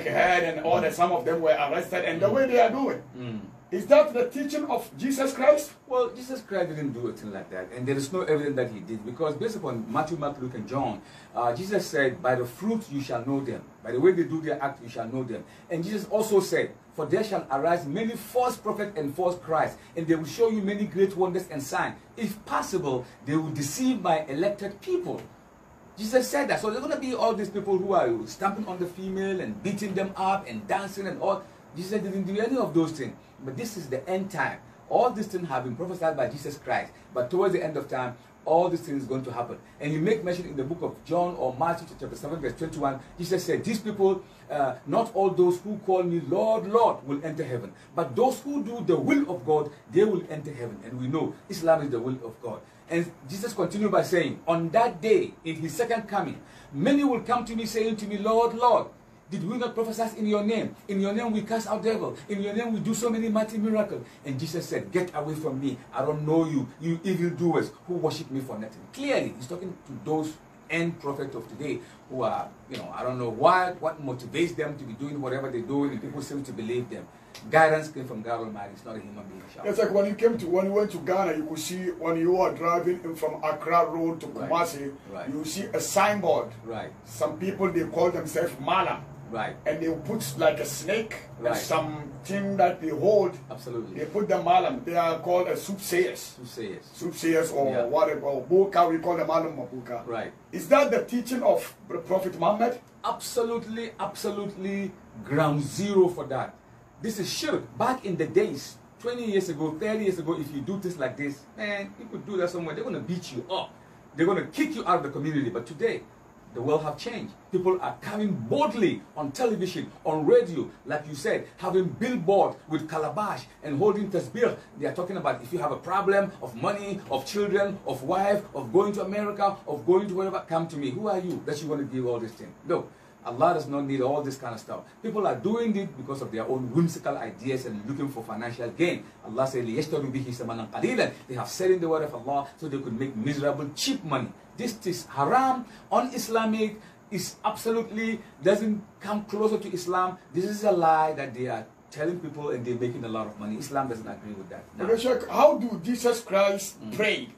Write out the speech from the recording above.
head and all that, some of them were arrested, and the mm. way they are doing. Mm. Is that the teaching of Jesus Christ? Well, Jesus Christ didn't do a thing like that, and there is no evidence that he did, because based upon Matthew, Mark, Luke, and John, uh, Jesus said, by the fruit you shall know them. By the way they do their act, you shall know them. And Jesus also said, for there shall arise many false prophets and false Christ, and they will show you many great wonders and signs. If possible, they will deceive my elected people. Jesus said that. So there's going to be all these people who are stamping on the female and beating them up and dancing and all. Jesus didn't do any of those things. But this is the end time. All these things have been prophesied by Jesus Christ. But towards the end of time, all these things going to happen. And you make mention in the book of John or Matthew chapter 7 verse 21, Jesus said, these people, uh, not all those who call me Lord, Lord will enter heaven, but those who do the will of God, they will enter heaven. And we know Islam is the will of God. And Jesus continued by saying, on that day, in his second coming, many will come to me saying to me, Lord, Lord, did we not prophesy in your name? In your name we cast out devils. In your name we do so many mighty miracles. And Jesus said, Get away from me. I don't know you, you evildoers who worship me for nothing. Clearly, he's talking to those end prophets of today who are, you know, I don't know why, what motivates them to be doing whatever they're doing, and people seem to believe them. Guidance came from God Almighty, it's not a human being. Shall it's like when you came to when you went to Ghana, you could see when you are driving from Accra Road to Kumasi, right. right. you see a signboard. Right. Some people they call themselves Mala. Right. And they put like a snake right. Some something that they hold. Absolutely. They put the malam. They are called a soothsayers. Soothsayers. Soothsayers or yeah. whatever. Or buka, we call the malam buka. Right. Is that the teaching of Prophet Muhammad? Absolutely, absolutely ground zero for that. This is shirk. Back in the days, 20 years ago, 30 years ago, if you do this like this, man, you could do that somewhere. They're going to beat you up. They're going to kick you out of the community. But today, the world have changed. People are coming boldly on television, on radio, like you said, having billboards with calabash and holding tasbih. They are talking about if you have a problem of money, of children, of wife, of going to America, of going to wherever, come to me. Who are you that you want to give all this thing? Look, no. Allah does not need all this kind of stuff. People are doing it because of their own whimsical ideas and looking for financial gain. Allah said, They have said in the word of Allah so they could make miserable, cheap money. This is haram, un-Islamic, is absolutely doesn't come closer to Islam. This is a lie that they are telling people and they're making a lot of money. Islam doesn't agree with that. No. How do Jesus Christ mm. pray?